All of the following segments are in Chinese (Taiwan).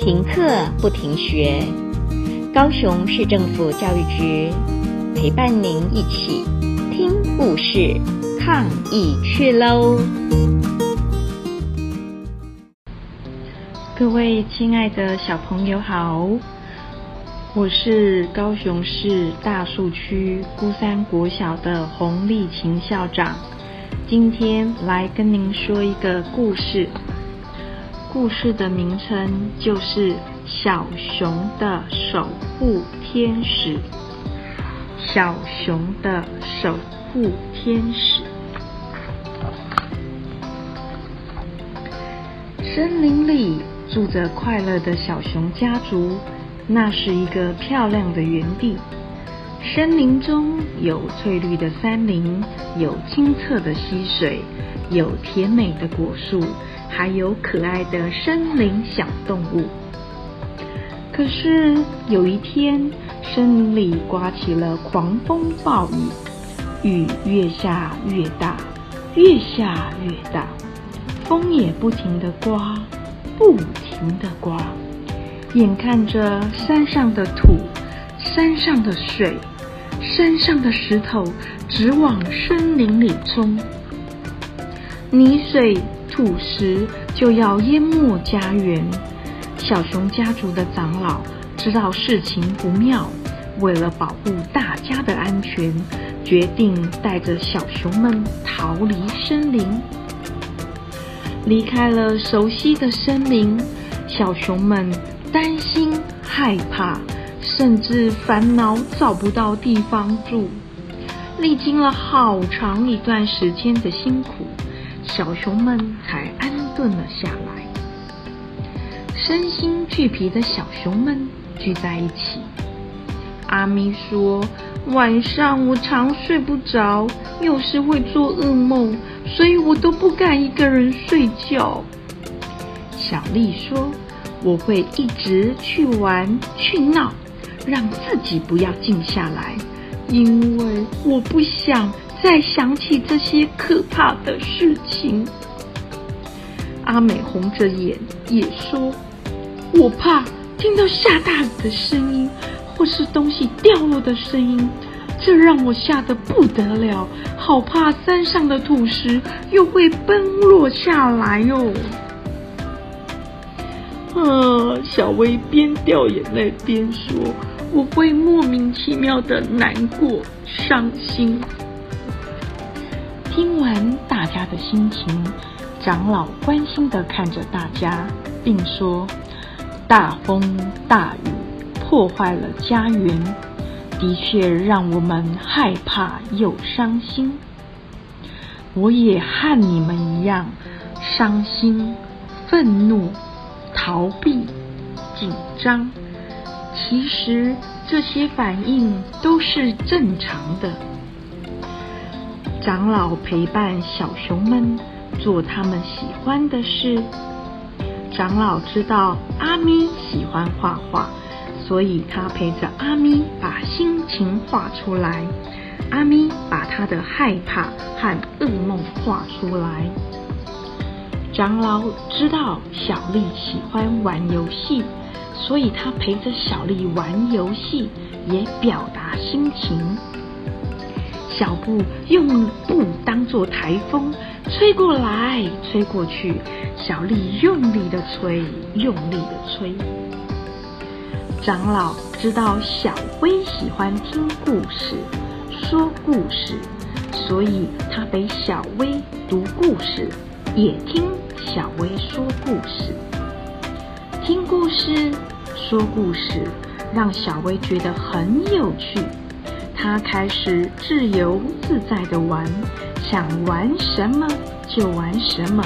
停課不停學，高雄市政府教育局陪伴您一起聽故事，抗疫趣嘍！各位親愛的小朋友好，我是高雄市大樹區姑山國小的洪麗晴校長，今天來跟您說一個故事。故事的名稱就是小《小熊的守護天使》。小熊的守護天使。森林裡住着快樂的小熊家族，那是一個漂亮的園地。森林中有翠綠的山林，有清澈的溪水，有甜美的果樹。還有可愛的森林小動物。可是有一天，森林裡颳起了狂風暴雨，雨越下越大，越下越大，風也不停地颳，不停地颳。眼看着山上的土、山上的水、山上的石頭直往森林裡衝，泥水。土石就要淹沒家園，小熊家族的長老知道事情不妙，為了保護大家的安全，決定帶着小熊們逃離森林。離開了熟悉的森林，小熊們擔心、害怕，甚至煩惱找不到地方住。歷經了好長一段時間的辛苦。小熊們才安頓了下來。身心俱疲的小熊們聚在一起。阿咪說：“晚上我常睡不着，有時會做噩夢，所以我都不敢一個人睡覺。”小麗說：“我會一直去玩去鬧，讓自己不要靜下來，因為我不想。”再想起這些可怕的事情，阿美紅着眼也說：“我怕聽到下大雨的聲音，或是東西掉落的聲音，這讓我嚇得不得了，好怕山上的土石又會崩落下來喲。”啊，小薇邊掉眼淚邊說：“我會莫名其妙的難過、傷心。”聽完大家的心情，長老關心地看着大家，並說：“大風大雨破壞了家園，的確讓我們害怕又傷心。我也和你們一樣，傷心、憤怒、逃避、緊張。其實這些反應都是正常的。”長老陪伴小熊們做他們喜歡的事。長老知道阿咪喜歡畫畫，所以他陪着阿咪把心情畫出來。阿咪把他的害怕和噩夢畫出來。長老知道小麗喜歡玩遊戲，所以他陪着小麗玩遊戲，也表達心情。小布用布當作台風，吹過來，吹過去。小麗用力的吹，用力的吹。長老知道小薇喜歡聽故事，說故事，所以他陪小薇讀故事，也聽小薇說故事。聽故事，說故事，讓小薇覺得很有趣。他開始自由自在的玩，想玩什麼就玩什麼，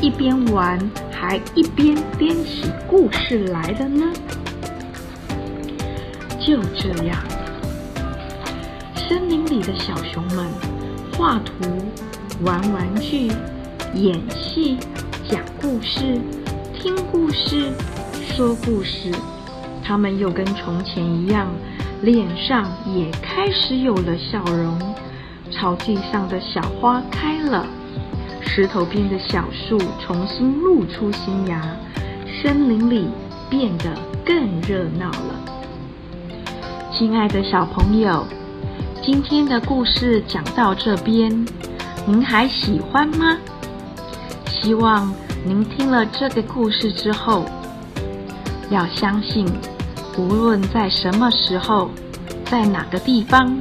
一邊玩還一邊編起故事來了呢。就這樣，森林裡的小熊們畫圖、玩玩具、演戲、講故事、聽故事、說故事，他們又跟從前一樣。臉上也開始有了笑容，草地上的小花開了，石頭邊的小樹重新露出新芽，森林裡變得更熱鬧了。親愛的小朋友，今天的故事講到這邊，您還喜歡嗎？希望您聽了這個故事之後，要相信。無論在什麼時候，在哪個地方，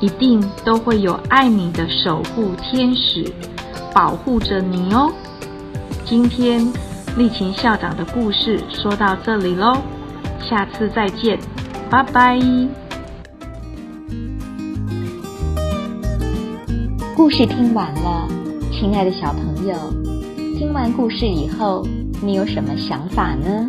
一定都會有愛你的守護天使保護着你哦。今天麗晴校長的故事說到這裡嘍，下次再見，拜拜。故事聽完了，親愛的小朋友，聽完故事以後，你有什麼想法呢？